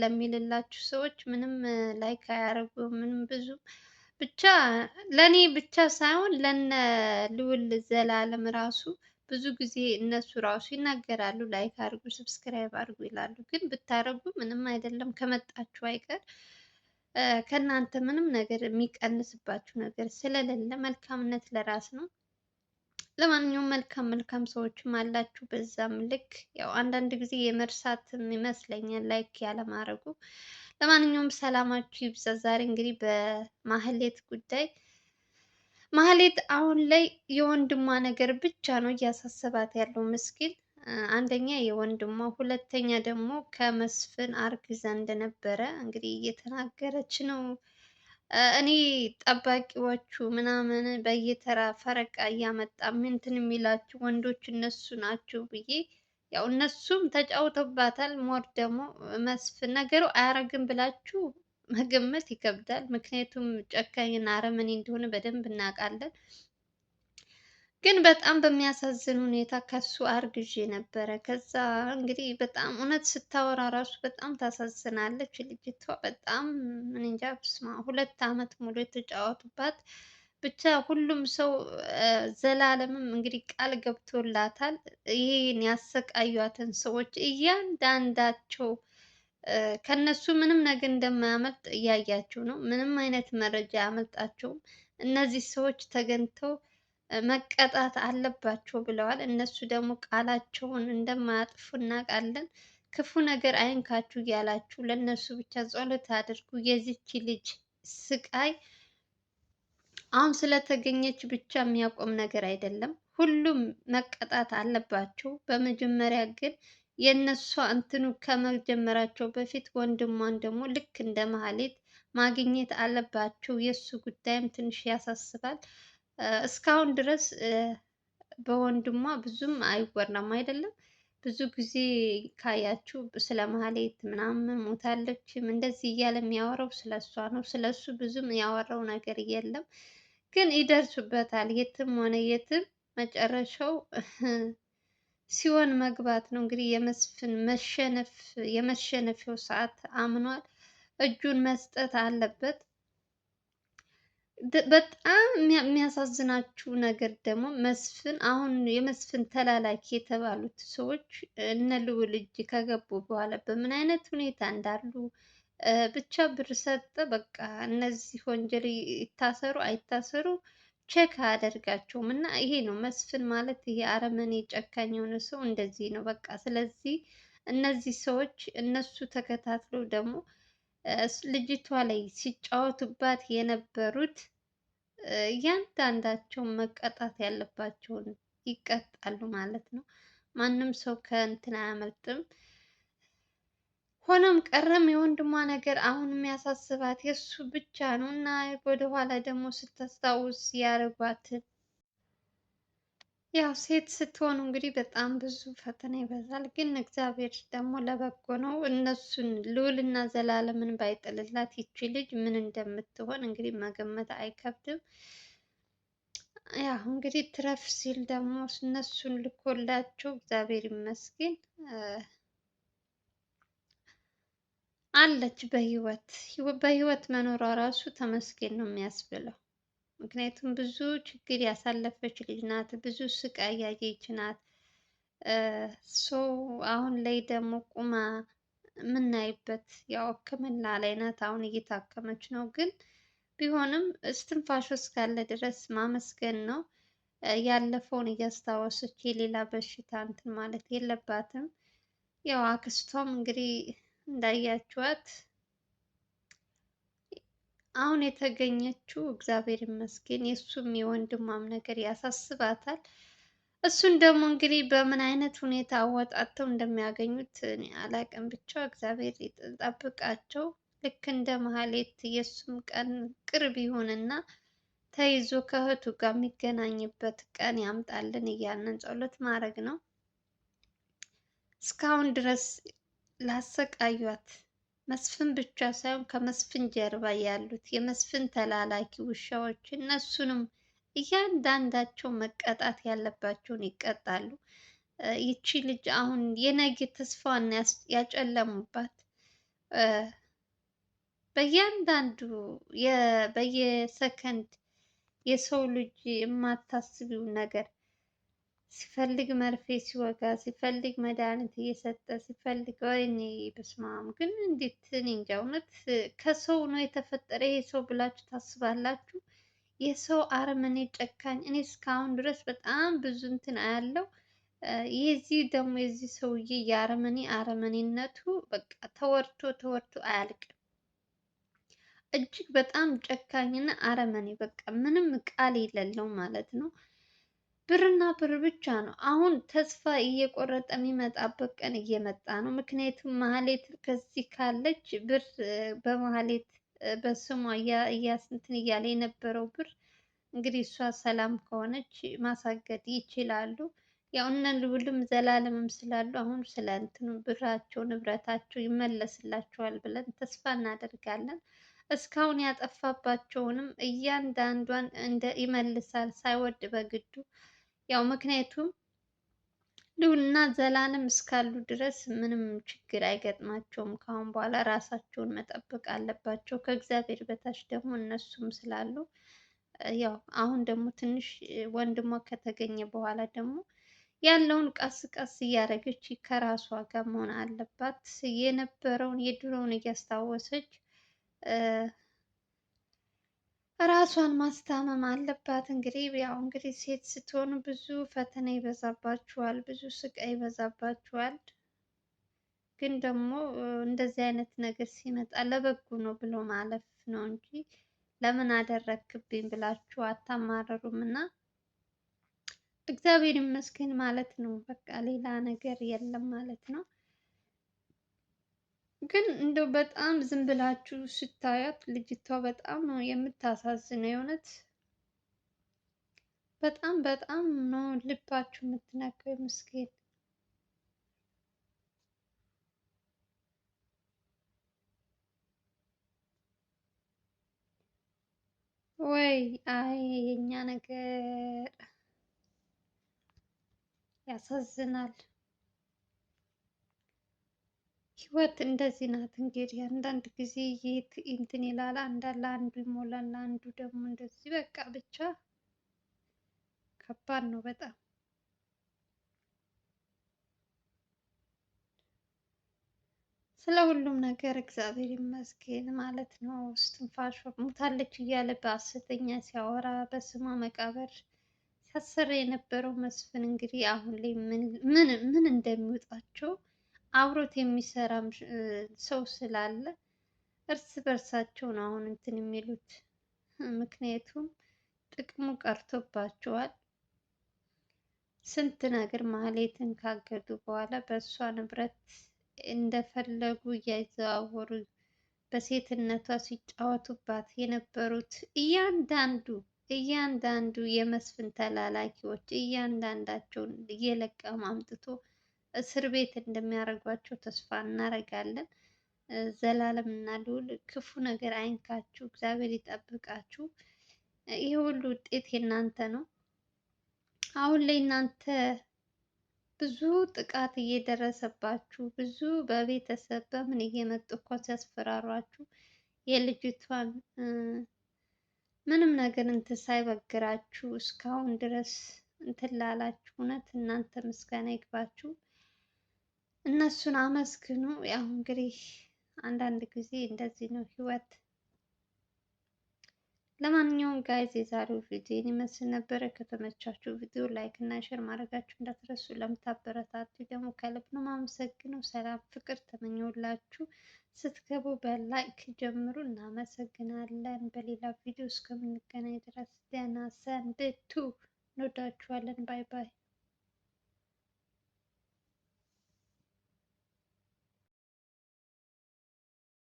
ለሚልላችሁ ሰዎች ምንም ላይክ አያደርጉ ምንም ብዙ ብቻ ለእኔ ብቻ ሳይሆን ለነ ልዑል ዘላለም ራሱ ብዙ ጊዜ እነሱ ራሱ ይናገራሉ፣ ላይክ አድርጉ፣ ሰብስክራይብ አድርጉ ይላሉ። ግን ብታደርጉ ምንም አይደለም። ከመጣችሁ አይቀር ከእናንተ ምንም ነገር የሚቀንስባችሁ ነገር ስለሌለ መልካምነት ለራስ ነው። ለማንኛውም መልካም መልካም ሰዎችም አላችሁ። በዛም ልክ ያው አንዳንድ ጊዜ የመርሳትም ይመስለኛል ላይክ ያለማድረጉ። ለማንኛውም ሰላማችሁ ይብዛ። ዛሬ እንግዲህ በማህሌት ጉዳይ ማህሌት አሁን ላይ የወንድሟ ነገር ብቻ ነው እያሳሰባት ያለው ምስኪን። አንደኛ የወንድሟ፣ ሁለተኛ ደግሞ ከመስፍን አርግዛ እንደነበረ እንግዲህ እየተናገረች ነው። እኔ ጠባቂዎቹ ምናምን በየተራ ፈረቃ እያመጣ ምንትን የሚላችሁ ወንዶች እነሱ ናችሁ ብዬ ያው እነሱም ተጫውተውባታል። ሞር ደግሞ መስፍን ነገሩ አያረግም ብላችሁ መገመት ይከብዳል። ምክንያቱም ጨካኝና አረመኔ እንደሆነ በደንብ እናውቃለን። ግን በጣም በሚያሳዝን ሁኔታ ከሱ አርግዤ ነበረ። ከዛ እንግዲህ በጣም እውነት ስታወራ ራሱ በጣም ታሳዝናለች ልጅቷ። በጣም ምን እንጃ ብስማ ሁለት አመት ሙሉ የተጫወቱባት ብቻ ሁሉም ሰው ዘላለምም እንግዲህ ቃል ገብቶላታል። ይህን ያሰቃዩትን ሰዎች እያንዳንዳቸው ከነሱ ምንም ነገር እንደማያመልጥ እያያቸው ነው። ምንም አይነት መረጃ አያመልጣቸውም። እነዚህ ሰዎች ተገኝተው መቀጣት አለባቸው ብለዋል። እነሱ ደግሞ ቃላቸውን እንደማያጥፉ እናውቃለን። ክፉ ነገር አይንካችሁ እያላችሁ ለእነሱ ብቻ ጸሎት አድርጉ። የዚች ልጅ ስቃይ አሁን ስለተገኘች ብቻ የሚያቆም ነገር አይደለም። ሁሉም መቀጣት አለባቸው። በመጀመሪያ ግን የእነሷ እንትኑ ከመጀመራቸው በፊት ወንድሟን ደግሞ ልክ እንደ ማህሌት ማግኘት አለባቸው። የእሱ ጉዳይም ትንሽ ያሳስባል። እስካሁን ድረስ በወንድሟ ብዙም አይወራም አይደለም። ብዙ ጊዜ ካያችሁ ስለ ማህሌት ምናምን ሞታለችም እንደዚህ እያለ የሚያወራው ስለ እሷ ነው። ስለ እሱ ብዙም ያወራው ነገር የለም፣ ግን ይደርሱበታል። የትም ሆነ የትም መጨረሻው ሲሆን መግባት ነው። እንግዲህ የመስፍን መሸነፍ የመሸነፊያው ሰዓት አምኗል። እጁን መስጠት አለበት። በጣም የሚያሳዝናችሁ ነገር ደግሞ መስፍን አሁን የመስፍን ተላላኪ የተባሉት ሰዎች እነ ልዑል እጅ ከገቡ በኋላ በምን አይነት ሁኔታ እንዳሉ ብቻ ብር ሰጠ። በቃ እነዚህ ወንጀል ይታሰሩ አይታሰሩ ቼክ አያደርጋቸውም። እና ይሄ ነው መስፍን ማለት ይሄ አረመኔ ጨካኝ የሆነ ሰው እንደዚህ ነው በቃ። ስለዚህ እነዚህ ሰዎች እነሱ ተከታትለው ደግሞ ልጅቷ ላይ ሲጫወቱባት የነበሩት እያንዳንዳቸው መቀጣት ያለባቸውን ይቀጣሉ ማለት ነው። ማንም ሰው ከእንትን አያመልጥም። ሆኖም ቀረም የወንድሟ ነገር አሁን የሚያሳስባት የእሱ ብቻ ነው እና ወደኋላ ደግሞ ስታስታውስ ያደርጓትን ያው ሴት ስትሆኑ እንግዲህ በጣም ብዙ ፈተና ይበዛል። ግን እግዚአብሔር ደግሞ ለበጎ ነው። እነሱን እና ዘላለምን ባይጥልላት ይቺ ልጅ ምን እንደምትሆን እንግዲህ መገመት አይከብድም። ያው እንግዲህ ትረፍ ሲል ደግሞ እነሱን ልኮላቸው እግዚአብሔር ይመስገን አለች በህይወት። በህይወት መኖሯ ራሱ ተመስገን ነው የሚያስብለው። ምክንያቱም ብዙ ችግር ያሳለፈች ልጅ ናት። ብዙ ስቃይ ያየች ናት። ሰው አሁን ላይ ደግሞ ቁማ የምናይበት ያው ሕክምና ላይ ናት። አሁን እየታከመች ነው። ግን ቢሆንም እስትንፋሽ እስካለ ድረስ ማመስገን ነው። ያለፈውን እያስታወሰች የሌላ በሽታ እንትን ማለት የለባትም። ያው አክስቷም እንግዲህ እንዳያችኋት አሁን የተገኘችው እግዚአብሔር ይመስገን የእሱም የወንድሟም ነገር ያሳስባታል። እሱን ደግሞ እንግዲህ በምን አይነት ሁኔታ አወጣተው እንደሚያገኙት እኔ አላቅም። ብቻ እግዚአብሔር ይጠብቃቸው። ልክ እንደ መሀሌት የእሱም ቀን ቅርብ ይሁንና ተይዞ ከእህቱ ጋር የሚገናኝበት ቀን ያምጣልን እያልን ጸሎት ማድረግ ነው። እስካሁን ድረስ ላሰቃዩት መስፍን ብቻ ሳይሆን ከመስፍን ጀርባ ያሉት የመስፍን ተላላኪ ውሻዎች እነሱንም እያንዳንዳቸው መቀጣት ያለባቸውን ይቀጣሉ። ይቺ ልጅ አሁን የነገ ተስፋዋን ያጨለሙባት በእያንዳንዱ በየሰከንድ የሰው ልጅ የማታስቢው ነገር ሲፈልግ መርፌ ሲወጋ ሲፈልግ መድኃኒት እየሰጠ ሲፈልግ፣ ወይኔ በስመ አብ። ግን እንዴት እኔ እንጃ እውነት ከሰው ነው የተፈጠረ ይሄ ሰው ብላችሁ ታስባላችሁ? የሰው አረመኔ ጨካኝ። እኔ እስካሁን ድረስ በጣም ብዙ እንትን አያለው። የዚህ ደግሞ የዚህ ሰውዬ የአረመኔ አረመኔነቱ በቃ ተወርቶ ተወርቶ አያልቅም። እጅግ በጣም ጨካኝና አረመኔ በቃ ምንም ቃል የሌለው ማለት ነው። ብርና ብር ብቻ ነው። አሁን ተስፋ እየቆረጠ የሚመጣበት ቀን እየመጣ ነው። ምክንያቱም ማህሌት ከዚህ ካለች ብር በማህሌት በስሟ እያስንትን እያለ የነበረው ብር እንግዲህ እሷ ሰላም ከሆነች ማሳገድ ይችላሉ። ያው እነ ልዑልም ዘላለምም ስላሉ አሁን ስለ እንትኑ ብራቸው ንብረታቸው ይመለስላቸዋል ብለን ተስፋ እናደርጋለን። እስካሁን ያጠፋባቸውንም እያንዳንዷን እንደ ይመልሳል ሳይወድ በግዱ ያው ምክንያቱም ልዑልና ዘላለም እስካሉ ድረስ ምንም ችግር አይገጥማቸውም። ከአሁን በኋላ ራሳቸውን መጠበቅ አለባቸው። ከእግዚአብሔር በታች ደግሞ እነሱም ስላሉ ያው አሁን ደግሞ ትንሽ ወንድሟ ከተገኘ በኋላ ደግሞ ያለውን ቀስ ቀስ እያደረገች ከራሷ ጋር መሆን አለባት። የነበረውን የድሮውን እያስታወሰች ራሷን ማስታመም አለባት። እንግዲህ ያው እንግዲህ ሴት ስትሆኑ ብዙ ፈተና ይበዛባችኋል፣ ብዙ ስቃይ ይበዛባችኋል። ግን ደግሞ እንደዚህ አይነት ነገር ሲመጣ ለበጎ ነው ብሎ ማለፍ ነው እንጂ ለምን አደረግክብኝ ብላችሁ አታማረሩም እና እግዚአብሔር ይመስገን ማለት ነው። በቃ ሌላ ነገር የለም ማለት ነው። ግን እንደው በጣም ዝም ብላችሁ ስታያት ልጅቷ በጣም ነው የምታሳዝነው። የእውነት በጣም በጣም ነው ልባችሁ የምትነካው። ምስኪን ወይ አይ የኛ ነገር ያሳዝናል። ህይወት እንደዚህ ናት እንግዲህ አንዳንድ ጊዜ የት እንትን ይላል። አንዳንድ አንዱ ይሞላል፣ አንዱ ደግሞ እንደዚህ በቃ ብቻ ከባድ ነው በጣም። ስለ ሁሉም ነገር እግዚአብሔር ይመስገን ማለት ነው። እስትንፋሽ ሙታለች እያለ በአሰተኛ ሲያወራ በስማ መቃብር ሲያሰራ የነበረው መስፍን እንግዲህ አሁን ላይ ምን ምን እንደሚወጣቸው አብሮት የሚሰራም ሰው ስላለ እርስ በርሳቸው ነው አሁን እንትን የሚሉት። ምክንያቱም ጥቅሙ ቀርቶባቸዋል። ስንት ነገር ማህሌትን ካገዱ በኋላ በእሷ ንብረት እንደፈለጉ እያዘዋወሩ በሴትነቷ ሲጫወቱባት የነበሩት እያንዳንዱ እያንዳንዱ የመስፍን ተላላኪዎች እያንዳንዳቸውን እየለቀሙ አምጥቶ እስር ቤት እንደሚያደርጓቸው ተስፋ እናደርጋለን። ዘላለም እና ልዑል ክፉ ነገር አይንካችሁ፣ እግዚአብሔር ይጠብቃችሁ። ይህ ሁሉ ውጤት የእናንተ ነው። አሁን ላይ እናንተ ብዙ ጥቃት እየደረሰባችሁ ብዙ በቤተሰብ በምን እየመጡ እኮ ሲያስፈራሯችሁ የልጅቷን ምንም ነገር እንትን ሳይበግራችሁ እስካሁን ድረስ እንትን ላላችሁ እውነት እናንተ ምስጋና ይግባችሁ። እነሱን አመስግኑ። ያው እንግዲህ አንዳንድ ጊዜ እንደዚህ ነው ህይወት። ለማንኛውም ጋይዝ የዛሬው ቪዲዮ ይመስል ነበረ። ከተመቻችሁ ቪዲዮ ላይክ እና ሼር ማድረጋችሁ እንዳትረሱ። ለምታበረታቱ ደግሞ ከልብ ነው ማመሰግነው። ሰላም ፍቅር ተመኘውላችሁ። ስትገቡ በላይክ ጀምሩ። እናመሰግናለን። በሌላ ቪዲዮ እስከምንገናኝ ድረስ ደህና ሰንብቱ። እንወዳችኋለን። ባይ ባይ።